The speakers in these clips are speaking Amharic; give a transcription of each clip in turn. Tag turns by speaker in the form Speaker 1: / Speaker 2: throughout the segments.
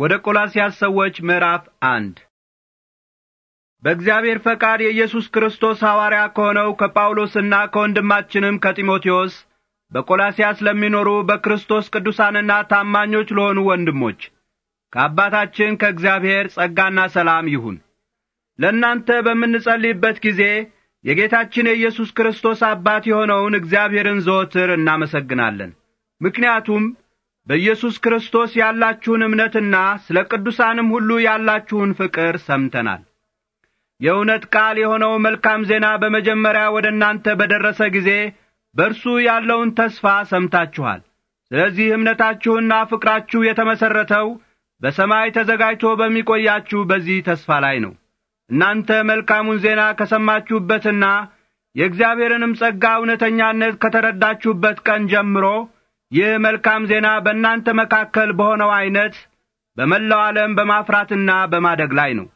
Speaker 1: ወደ ቆላስያስ ሰዎች ምዕራፍ አንድ በእግዚአብሔር ፈቃድ የኢየሱስ ክርስቶስ ሐዋርያ ከሆነው ከጳውሎስና ከወንድማችንም ከጢሞቴዎስ በቆላስያስ ለሚኖሩ በክርስቶስ ቅዱሳንና ታማኞች ለሆኑ ወንድሞች ከአባታችን ከእግዚአብሔር ጸጋና ሰላም ይሁን። ለእናንተ በምንጸልይበት ጊዜ የጌታችን የኢየሱስ ክርስቶስ አባት የሆነውን እግዚአብሔርን ዘወትር እናመሰግናለን። ምክንያቱም በኢየሱስ ክርስቶስ ያላችሁን እምነትና ስለ ቅዱሳንም ሁሉ ያላችሁን ፍቅር ሰምተናል። የእውነት ቃል የሆነው መልካም ዜና በመጀመሪያ ወደ እናንተ በደረሰ ጊዜ በእርሱ ያለውን ተስፋ ሰምታችኋል። ስለዚህ እምነታችሁና ፍቅራችሁ የተመሠረተው በሰማይ ተዘጋጅቶ በሚቆያችሁ በዚህ ተስፋ ላይ ነው። እናንተ መልካሙን ዜና ከሰማችሁበትና የእግዚአብሔርንም ጸጋ እውነተኛነት ከተረዳችሁበት ቀን ጀምሮ ይህ መልካም ዜና በእናንተ መካከል በሆነው ዐይነት በመላው ዓለም በማፍራትና በማደግ ላይ ነው።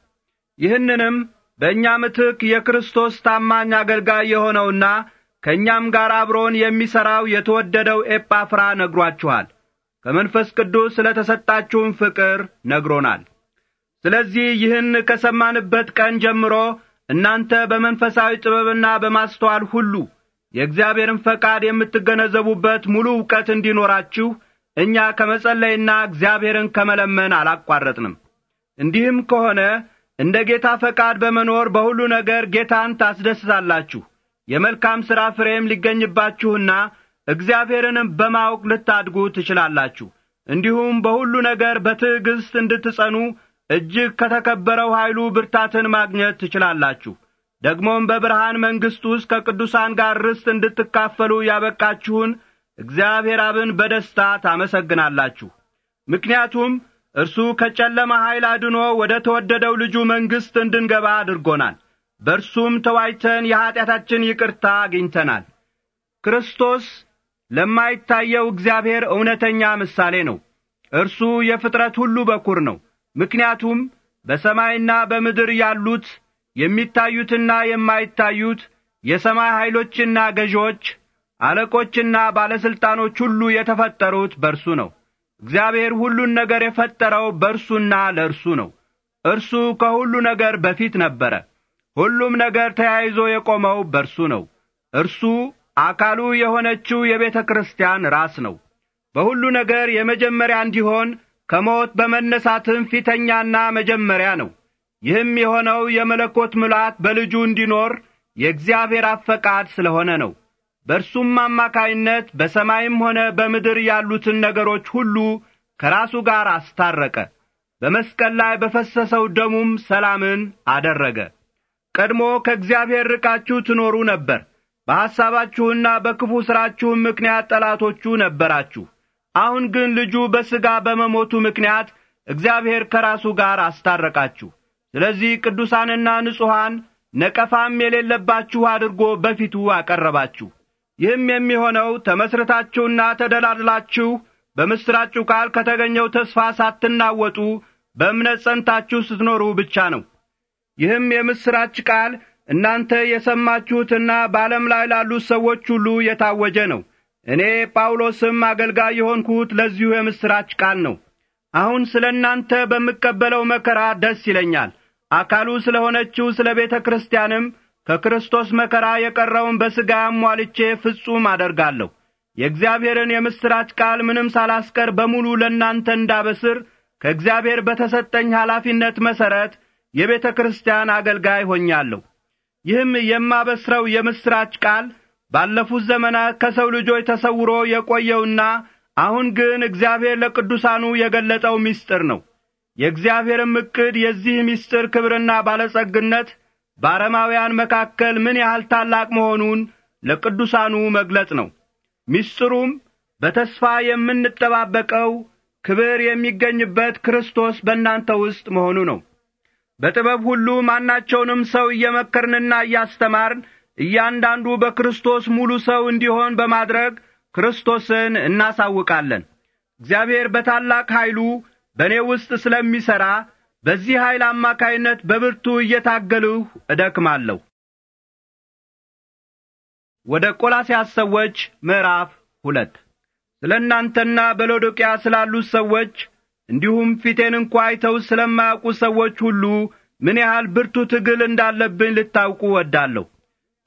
Speaker 1: ይህንንም በእኛ ምትክ የክርስቶስ ታማኝ አገልጋይ የሆነውና ከእኛም ጋር አብሮን የሚሠራው የተወደደው ኤጳፍራ ነግሯችኋል። ከመንፈስ ቅዱስ ስለ ተሰጣችሁም ፍቅር ነግሮናል። ስለዚህ ይህን ከሰማንበት ቀን ጀምሮ እናንተ በመንፈሳዊ ጥበብና በማስተዋል ሁሉ የእግዚአብሔርን ፈቃድ የምትገነዘቡበት ሙሉ ዕውቀት እንዲኖራችሁ እኛ ከመጸለይና እግዚአብሔርን ከመለመን አላቋረጥንም። እንዲህም ከሆነ እንደ ጌታ ፈቃድ በመኖር በሁሉ ነገር ጌታን ታስደስታላችሁ። የመልካም ሥራ ፍሬም ሊገኝባችሁና እግዚአብሔርንም በማወቅ ልታድጉ ትችላላችሁ። እንዲሁም በሁሉ ነገር በትዕግሥት እንድትጸኑ እጅግ ከተከበረው ኃይሉ ብርታትን ማግኘት ትችላላችሁ። ደግሞም በብርሃን መንግሥት ውስጥ ከቅዱሳን ጋር ርስት እንድትካፈሉ ያበቃችሁን እግዚአብሔር አብን በደስታ ታመሰግናላችሁ። ምክንያቱም እርሱ ከጨለማ ኃይል አድኖ ወደ ተወደደው ልጁ መንግሥት እንድንገባ አድርጎናል። በእርሱም ተዋይተን የኀጢአታችን ይቅርታ አግኝተናል። ክርስቶስ ለማይታየው እግዚአብሔር እውነተኛ ምሳሌ ነው። እርሱ የፍጥረት ሁሉ በኩር ነው። ምክንያቱም በሰማይና በምድር ያሉት የሚታዩትና የማይታዩት የሰማይ ኃይሎችና ገዢዎች፣ አለቆችና ባለሥልጣኖች ሁሉ የተፈጠሩት በርሱ ነው። እግዚአብሔር ሁሉን ነገር የፈጠረው በርሱና ለርሱ ነው። እርሱ ከሁሉ ነገር በፊት ነበረ። ሁሉም ነገር ተያይዞ የቆመው በርሱ ነው። እርሱ አካሉ የሆነችው የቤተ ክርስቲያን ራስ ነው። በሁሉ ነገር የመጀመሪያ እንዲሆን ከሞት በመነሳትም ፊተኛና መጀመሪያ ነው። ይህም የሆነው የመለኮት ምልአት በልጁ እንዲኖር የእግዚአብሔር አፈቃድ ስለ ሆነ ነው። በእርሱም አማካይነት በሰማይም ሆነ በምድር ያሉትን ነገሮች ሁሉ ከራሱ ጋር አስታረቀ። በመስቀል ላይ በፈሰሰው ደሙም ሰላምን አደረገ። ቀድሞ ከእግዚአብሔር ርቃችሁ ትኖሩ ነበር፣ በሐሳባችሁና በክፉ ሥራችሁም ምክንያት ጠላቶቹ ነበራችሁ። አሁን ግን ልጁ በሥጋ በመሞቱ ምክንያት እግዚአብሔር ከራሱ ጋር አስታረቃችሁ ስለዚህ ቅዱሳንና ንጹሐን ነቀፋም የሌለባችሁ አድርጎ በፊቱ አቀረባችሁ። ይህም የሚሆነው ተመሥረታችሁና ተደላድላችሁ በምሥራጩ ቃል ከተገኘው ተስፋ ሳትናወጡ በእምነት ጸንታችሁ ስትኖሩ ብቻ ነው። ይህም የምሥራች ቃል እናንተ የሰማችሁትና በዓለም ላይ ላሉት ሰዎች ሁሉ የታወጀ ነው። እኔ ጳውሎስም አገልጋይ የሆንኩት ለዚሁ የምሥራች ቃል ነው። አሁን ስለ እናንተ በምቀበለው መከራ ደስ ይለኛል። አካሉ ስለ ሆነችው ስለ ቤተ ክርስቲያንም ከክርስቶስ መከራ የቀረውን በሥጋ አሟልቼ ፍጹም አደርጋለሁ። የእግዚአብሔርን የምሥራች ቃል ምንም ሳላስቀር በሙሉ ለእናንተ እንዳበስር ከእግዚአብሔር በተሰጠኝ ኃላፊነት መሠረት የቤተ ክርስቲያን አገልጋይ ሆኛለሁ። ይህም የማበስረው የምሥራች ቃል ባለፉት ዘመናት ከሰው ልጆች ተሰውሮ የቈየውና አሁን ግን እግዚአብሔር ለቅዱሳኑ የገለጠው ምስጢር ነው። የእግዚአብሔርም እቅድ የዚህ ምስጢር ክብርና ባለጸግነት በአረማውያን መካከል ምን ያህል ታላቅ መሆኑን ለቅዱሳኑ መግለጽ ነው። ምስጢሩም በተስፋ የምንጠባበቀው ክብር የሚገኝበት ክርስቶስ በእናንተ ውስጥ መሆኑ ነው። በጥበብ ሁሉ ማናቸውንም ሰው እየመከርንና እያስተማርን እያንዳንዱ በክርስቶስ ሙሉ ሰው እንዲሆን በማድረግ ክርስቶስን እናሳውቃለን። እግዚአብሔር በታላቅ ኃይሉ በእኔ ውስጥ ስለሚሠራ በዚህ ኃይል አማካይነት በብርቱ እየታገልሁ እደክማለሁ። ወደ ቆላስያስ ሰዎች ምዕራፍ ሁለት ስለ እናንተና በሎዶቅያ ስላሉት ሰዎች እንዲሁም ፊቴን እንኳ አይተው ስለማያውቁ ሰዎች ሁሉ ምን ያህል ብርቱ ትግል እንዳለብኝ ልታውቁ ወዳለሁ።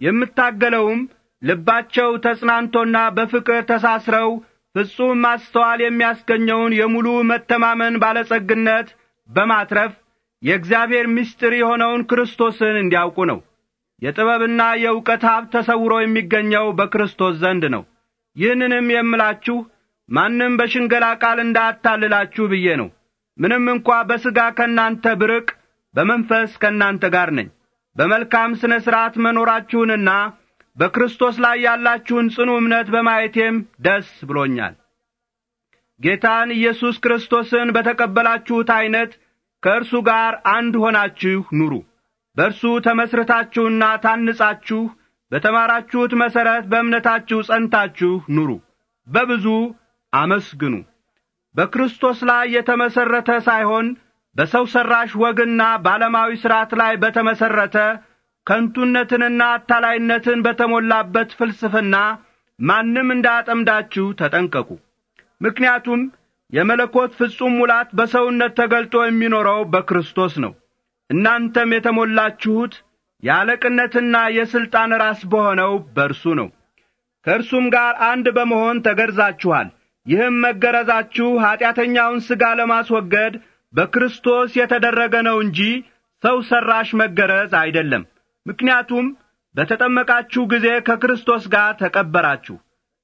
Speaker 1: የምታገለውም ልባቸው ተጽናንቶና በፍቅር ተሳስረው ፍጹም ማስተዋል የሚያስገኘውን የሙሉ መተማመን ባለጸግነት በማትረፍ የእግዚአብሔር ምስጢር የሆነውን ክርስቶስን እንዲያውቁ ነው። የጥበብና የእውቀት ሀብት ተሰውሮ የሚገኘው በክርስቶስ ዘንድ ነው። ይህንንም የምላችሁ ማንም በሽንገላ ቃል እንዳያታልላችሁ ብዬ ነው። ምንም እንኳ በሥጋ ከእናንተ ብርቅ፣ በመንፈስ ከእናንተ ጋር ነኝ። በመልካም ሥነ ሥርዓት መኖራችሁንና በክርስቶስ ላይ ያላችሁን ጽኑ እምነት በማየቴም ደስ ብሎኛል። ጌታን ኢየሱስ ክርስቶስን በተቀበላችሁት ዐይነት ከእርሱ ጋር አንድ ሆናችሁ ኑሩ። በእርሱ ተመስርታችሁና ታንጻችሁ በተማራችሁት መሠረት በእምነታችሁ ጸንታችሁ ኑሩ። በብዙ አመስግኑ። በክርስቶስ ላይ የተመሠረተ ሳይሆን በሰው ሠራሽ ወግና በዓለማዊ ሥርዓት ላይ በተመሠረተ ከንቱነትንና አታላይነትን በተሞላበት ፍልስፍና ማንም እንዳያጠምዳችሁ ተጠንቀቁ። ምክንያቱም የመለኮት ፍጹም ሙላት በሰውነት ተገልጦ የሚኖረው በክርስቶስ ነው። እናንተም የተሞላችሁት የአለቅነትና የሥልጣን ራስ በሆነው በእርሱ ነው። ከእርሱም ጋር አንድ በመሆን ተገርዛችኋል። ይህም መገረዛችሁ ኀጢአተኛውን ሥጋ ለማስወገድ በክርስቶስ የተደረገ ነው እንጂ ሰው ሠራሽ መገረዝ አይደለም። ምክንያቱም በተጠመቃችሁ ጊዜ ከክርስቶስ ጋር ተቀበራችሁ፣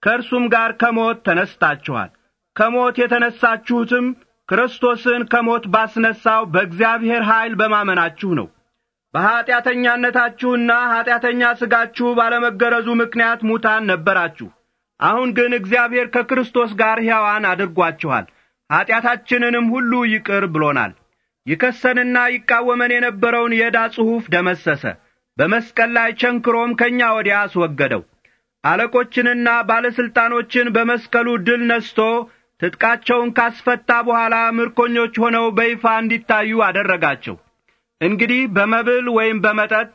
Speaker 1: ከእርሱም ጋር ከሞት ተነስታችኋል። ከሞት የተነሳችሁትም ክርስቶስን ከሞት ባስነሳው በእግዚአብሔር ኀይል በማመናችሁ ነው። በኀጢአተኛነታችሁና ኀጢአተኛ ሥጋችሁ ባለመገረዙ ምክንያት ሙታን ነበራችሁ። አሁን ግን እግዚአብሔር ከክርስቶስ ጋር ሕያዋን አድርጓችኋል፣ ኀጢአታችንንም ሁሉ ይቅር ብሎናል። ይከሰንና ይቃወመን የነበረውን የዕዳ ጽሑፍ ደመሰሰ። በመስቀል ላይ ቸንክሮም ከእኛ ወዲያ አስወገደው። አለቆችንና ባለሥልጣኖችን በመስቀሉ ድል ነስቶ ትጥቃቸውን ካስፈታ በኋላ ምርኮኞች ሆነው በይፋ እንዲታዩ አደረጋቸው። እንግዲህ በመብል ወይም በመጠጥ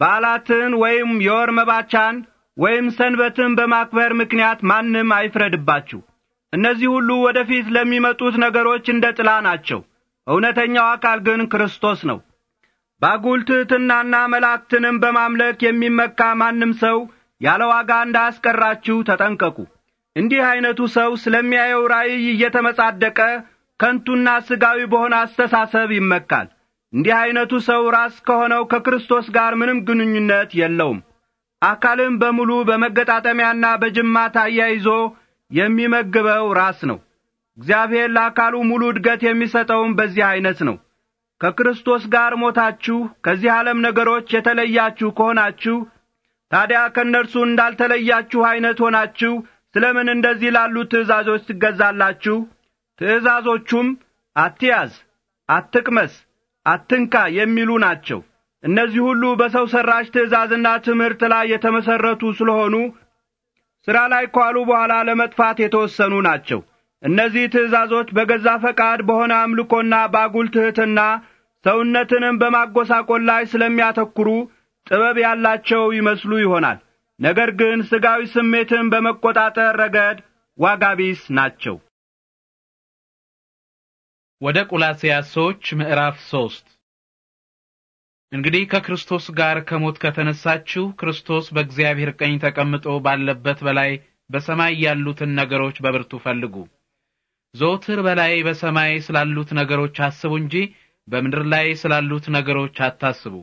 Speaker 1: በዓላትን ወይም የወር መባቻን ወይም ሰንበትን በማክበር ምክንያት ማንም አይፍረድባችሁ። እነዚህ ሁሉ ወደፊት ለሚመጡት ነገሮች እንደ ጥላ ናቸው። እውነተኛው አካል ግን ክርስቶስ ነው። በአጉል ትሕትናና መላእክትንም በማምለክ የሚመካ ማንም ሰው ያለ ዋጋ እንዳያስቀራችሁ ተጠንቀቁ። እንዲህ ዐይነቱ ሰው ስለሚያየው ራእይ እየተመጻደቀ ከንቱና ሥጋዊ በሆነ አስተሳሰብ ይመካል። እንዲህ ዐይነቱ ሰው ራስ ከሆነው ከክርስቶስ ጋር ምንም ግንኙነት የለውም። አካልን በሙሉ በመገጣጠሚያና በጅማት አያይዞ የሚመግበው ራስ ነው። እግዚአብሔር ለአካሉ ሙሉ እድገት የሚሰጠውም በዚህ ዐይነት ነው። ከክርስቶስ ጋር ሞታችሁ ከዚህ ዓለም ነገሮች የተለያችሁ ከሆናችሁ ታዲያ ከእነርሱ እንዳልተለያችሁ ዐይነት ሆናችሁ ስለ ምን እንደዚህ ላሉ ትእዛዞች ትገዛላችሁ? ትእዛዞቹም አትያዝ፣ አትቅመስ፣ አትንካ የሚሉ ናቸው። እነዚህ ሁሉ በሰው ሠራሽ ትእዛዝና ትምህርት ላይ የተመሠረቱ ስለሆኑ ሥራ ላይ ከዋሉ በኋላ ለመጥፋት የተወሰኑ ናቸው። እነዚህ ትእዛዞች በገዛ ፈቃድ በሆነ አምልኮና በአጉል ትሕትና ሰውነትንም በማጐሳቆል ላይ ስለሚያተኩሩ ጥበብ ያላቸው ይመስሉ ይሆናል። ነገር ግን ሥጋዊ ስሜትን በመቈጣጠር ረገድ ዋጋቢስ ናቸው። ወደ ቆላስይስ ሰዎች ምዕራፍ ሶስት እንግዲህ ከክርስቶስ ጋር
Speaker 2: ከሞት ከተነሳችሁ ክርስቶስ በእግዚአብሔር ቀኝ ተቀምጦ ባለበት በላይ በሰማይ ያሉትን ነገሮች በብርቱ ፈልጉ። ዘወትር በላይ በሰማይ ስላሉት ነገሮች አስቡ እንጂ በምድር ላይ ስላሉት ነገሮች አታስቡ።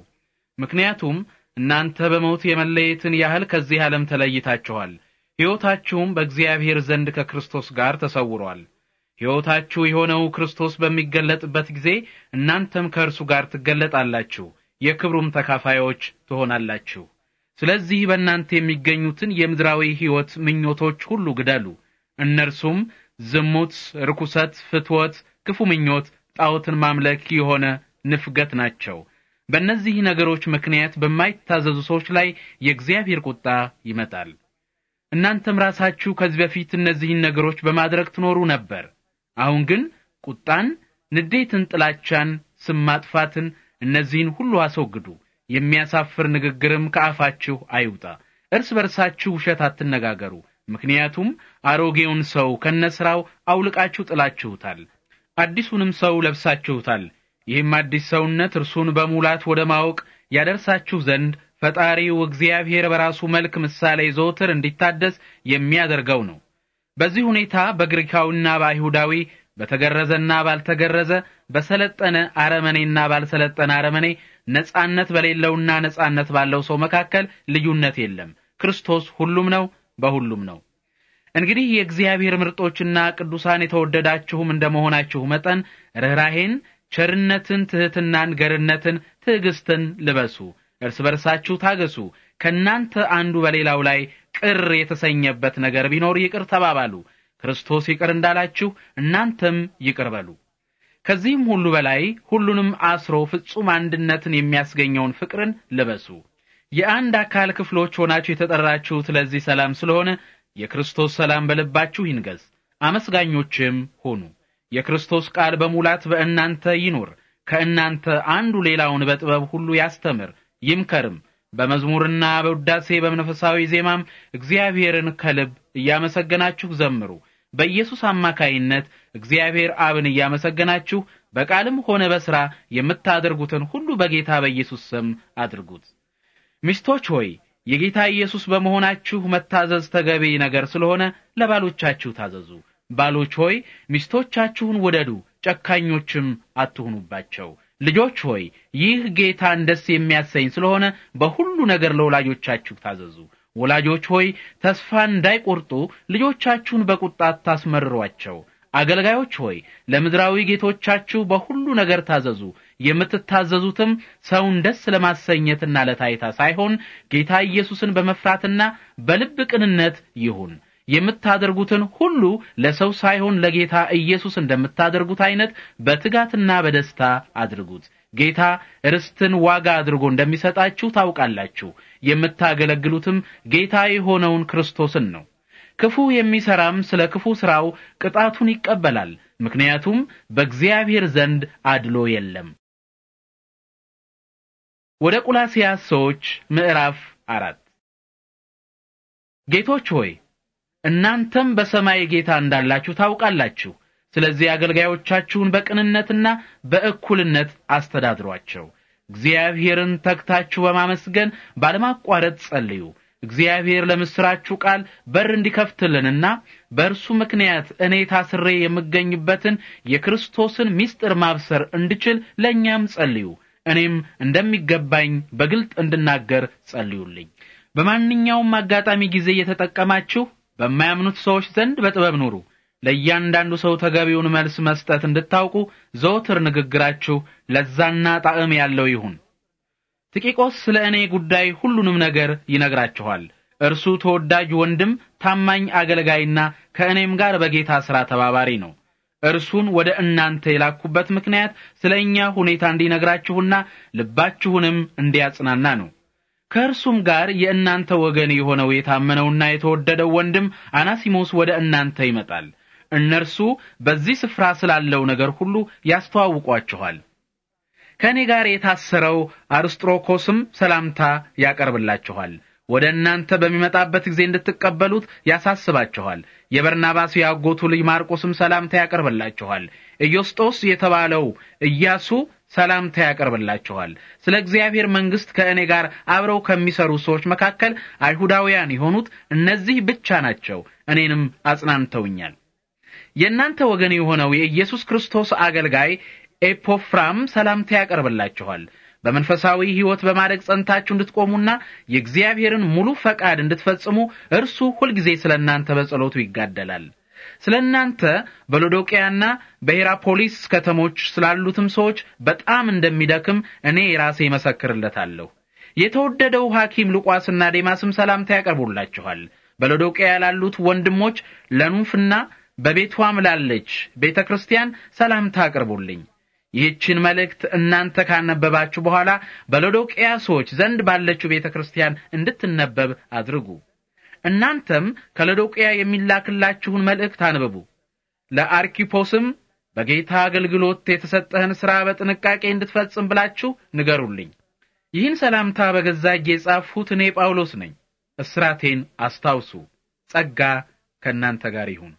Speaker 2: ምክንያቱም እናንተ በሞት የመለየትን ያህል ከዚህ ዓለም ተለይታችኋል፣ ሕይወታችሁም በእግዚአብሔር ዘንድ ከክርስቶስ ጋር ተሰውሯል። ሕይወታችሁ የሆነው ክርስቶስ በሚገለጥበት ጊዜ እናንተም ከእርሱ ጋር ትገለጣላችሁ፣ የክብሩም ተካፋዮች ትሆናላችሁ። ስለዚህ በእናንተ የሚገኙትን የምድራዊ ሕይወት ምኞቶች ሁሉ ግደሉ። እነርሱም ዝሙት፣ ርኩሰት፣ ፍትወት፣ ክፉ ምኞት ጣዖትን ማምለክ የሆነ ንፍገት ናቸው። በእነዚህ ነገሮች ምክንያት በማይታዘዙ ሰዎች ላይ የእግዚአብሔር ቁጣ ይመጣል። እናንተም ራሳችሁ ከዚህ በፊት እነዚህን ነገሮች በማድረግ ትኖሩ ነበር። አሁን ግን ቁጣን፣ ንዴትን፣ ጥላቻን፣ ስም ማጥፋትን፣ እነዚህን ሁሉ አስወግዱ። የሚያሳፍር ንግግርም ከአፋችሁ አይውጣ። እርስ በርሳችሁ ውሸት አትነጋገሩ፣ ምክንያቱም አሮጌውን ሰው ከነስራው አውልቃችሁ ጥላችሁታል አዲሱንም ሰው ለብሳችሁታል። ይህም አዲስ ሰውነት እርሱን በሙላት ወደ ማወቅ ያደርሳችሁ ዘንድ ፈጣሪው እግዚአብሔር በራሱ መልክ ምሳሌ ዞትር እንዲታደስ የሚያደርገው ነው። በዚህ ሁኔታ በግሪካዊና በአይሁዳዊ በተገረዘና ባልተገረዘ በሰለጠነ አረመኔና ባልሰለጠነ አረመኔ ነጻነት በሌለውና ነጻነት ባለው ሰው መካከል ልዩነት የለም። ክርስቶስ ሁሉም ነው፣ በሁሉም ነው። እንግዲህ የእግዚአብሔር ምርጦችና ቅዱሳን የተወደዳችሁም መሆናችሁ መጠን ርኅራሄን፣ ቸርነትን፣ ትሕትናን፣ ገርነትን፣ ትዕግስትን ልበሱ። እርስ በርሳችሁ ታገሱ። ከእናንተ አንዱ በሌላው ላይ ቅር የተሰኘበት ነገር ቢኖር ይቅር ተባባሉ፣ ክርስቶስ ይቅር እንዳላችሁ እናንተም ይቅር በሉ። ከዚህም ሁሉ በላይ ሁሉንም አስሮ ፍጹም አንድነትን የሚያስገኘውን ፍቅርን ልበሱ። የአንድ አካል ክፍሎች ሆናችሁ የተጠራችሁት ለዚህ ሰላም ስለሆነ የክርስቶስ ሰላም በልባችሁ ይንገስ፣ አመስጋኞችም ሁኑ። የክርስቶስ ቃል በሙላት በእናንተ ይኑር። ከእናንተ አንዱ ሌላውን በጥበብ ሁሉ ያስተምር ይምከርም፣ በመዝሙርና በውዳሴ በመንፈሳዊ ዜማም እግዚአብሔርን ከልብ እያመሰገናችሁ ዘምሩ። በኢየሱስ አማካይነት እግዚአብሔር አብን እያመሰገናችሁ በቃልም ሆነ በሥራ የምታደርጉትን ሁሉ በጌታ በኢየሱስ ስም አድርጉት። ሚስቶች ሆይ የጌታ ኢየሱስ በመሆናችሁ መታዘዝ ተገቢ ነገር ስለሆነ ለባሎቻችሁ ታዘዙ። ባሎች ሆይ ሚስቶቻችሁን ውደዱ፣ ጨካኞችም አትሁኑባቸው። ልጆች ሆይ ይህ ጌታን ደስ የሚያሰኝ ስለሆነ በሁሉ ነገር ለወላጆቻችሁ ታዘዙ። ወላጆች ሆይ ተስፋ እንዳይቆርጡ ልጆቻችሁን በቁጣ አታስመርሯቸው። አገልጋዮች ሆይ ለምድራዊ ጌቶቻችሁ በሁሉ ነገር ታዘዙ። የምትታዘዙትም ሰውን ደስ ለማሰኘትና ለታይታ ሳይሆን ጌታ ኢየሱስን በመፍራትና በልብ ቅንነት ይሁን። የምታደርጉትን ሁሉ ለሰው ሳይሆን ለጌታ ኢየሱስ እንደምታደርጉት አይነት በትጋትና በደስታ አድርጉት። ጌታ ርስትን ዋጋ አድርጎ እንደሚሰጣችሁ ታውቃላችሁ። የምታገለግሉትም ጌታ የሆነውን ክርስቶስን ነው። ክፉ የሚሰራም ስለ ክፉ ስራው ቅጣቱን ይቀበላል። ምክንያቱም በእግዚአብሔር ዘንድ አድሎ የለም። ወደ ቁላስያስ ሰዎች ምዕራፍ አራት ጌቶች ሆይ እናንተም በሰማይ ጌታ እንዳላችሁ ታውቃላችሁ። ስለዚህ አገልጋዮቻችሁን በቅንነትና በእኩልነት አስተዳድሯቸው። እግዚአብሔርን ተግታችሁ በማመስገን ባለማቋረጥ ጸልዩ። እግዚአብሔር ለምስራችሁ ቃል በር እንዲከፍትልንና በእርሱ ምክንያት እኔ ታስሬ የምገኝበትን የክርስቶስን ምስጢር ማብሰር እንድችል ለእኛም ጸልዩ። እኔም እንደሚገባኝ በግልጥ እንድናገር ጸልዩልኝ። በማንኛውም አጋጣሚ ጊዜ እየተጠቀማችሁ በማያምኑት ሰዎች ዘንድ በጥበብ ኑሩ። ለእያንዳንዱ ሰው ተገቢውን መልስ መስጠት እንድታውቁ ዘወትር ንግግራችሁ ለዛና ጣዕም ያለው ይሁን። ቲኪቆስ ስለ እኔ ጉዳይ ሁሉንም ነገር ይነግራችኋል። እርሱ ተወዳጅ ወንድም፣ ታማኝ አገልጋይና ከእኔም ጋር በጌታ ሥራ ተባባሪ ነው። እርሱን ወደ እናንተ የላኩበት ምክንያት ስለ እኛ ሁኔታ እንዲነግራችሁና ልባችሁንም እንዲያጽናና ነው። ከእርሱም ጋር የእናንተ ወገን የሆነው የታመነውና የተወደደው ወንድም አናሲሞስ ወደ እናንተ ይመጣል። እነርሱ በዚህ ስፍራ ስላለው ነገር ሁሉ ያስተዋውቋችኋል። ከእኔ ጋር የታሰረው አርስጥሮኮስም ሰላምታ ያቀርብላችኋል። ወደ እናንተ በሚመጣበት ጊዜ እንድትቀበሉት ያሳስባችኋል። የበርናባስ ያጎቱ ልጅ ማርቆስም ሰላምታ ያቀርብላችኋል። ኢዮስጦስ የተባለው ኢያሱ ሰላምታ ያቀርብላችኋል። ስለ እግዚአብሔር መንግሥት ከእኔ ጋር አብረው ከሚሰሩ ሰዎች መካከል አይሁዳውያን የሆኑት እነዚህ ብቻ ናቸው። እኔንም አጽናንተውኛል። የእናንተ ወገን የሆነው የኢየሱስ ክርስቶስ አገልጋይ ኤፖፍራም ሰላምታ ያቀርብላችኋል። በመንፈሳዊ ሕይወት በማደግ ጸንታችሁ እንድትቆሙና የእግዚአብሔርን ሙሉ ፈቃድ እንድትፈጽሙ እርሱ ሁልጊዜ ስለ እናንተ በጸሎቱ ይጋደላል። ስለ እናንተ በሎዶቅያና በሄራፖሊስ ከተሞች ስላሉትም ሰዎች በጣም እንደሚደክም እኔ ራሴ ይመሰክርለታለሁ። የተወደደው ሐኪም ሉቋስና ዴማስም ሰላምታ ያቀርቡላችኋል። በሎዶቅያ ላሉት ወንድሞች ለኑፍና በቤቷም ላለች ቤተ ክርስቲያን ሰላምታ አቅርቡልኝ። ይህችን መልእክት እናንተ ካነበባችሁ በኋላ በሎዶቅያ ሰዎች ዘንድ ባለችው ቤተ ክርስቲያን እንድትነበብ አድርጉ። እናንተም ከሎዶቅያ የሚላክላችሁን መልእክት አንብቡ። ለአርኪፖስም በጌታ አገልግሎት የተሰጠህን ሥራ በጥንቃቄ እንድትፈጽም ብላችሁ ንገሩልኝ። ይህን ሰላምታ በገዛ እጄ የጻፍሁት እኔ ጳውሎስ ነኝ። እስራቴን አስታውሱ። ጸጋ ከእናንተ
Speaker 1: ጋር ይሁን።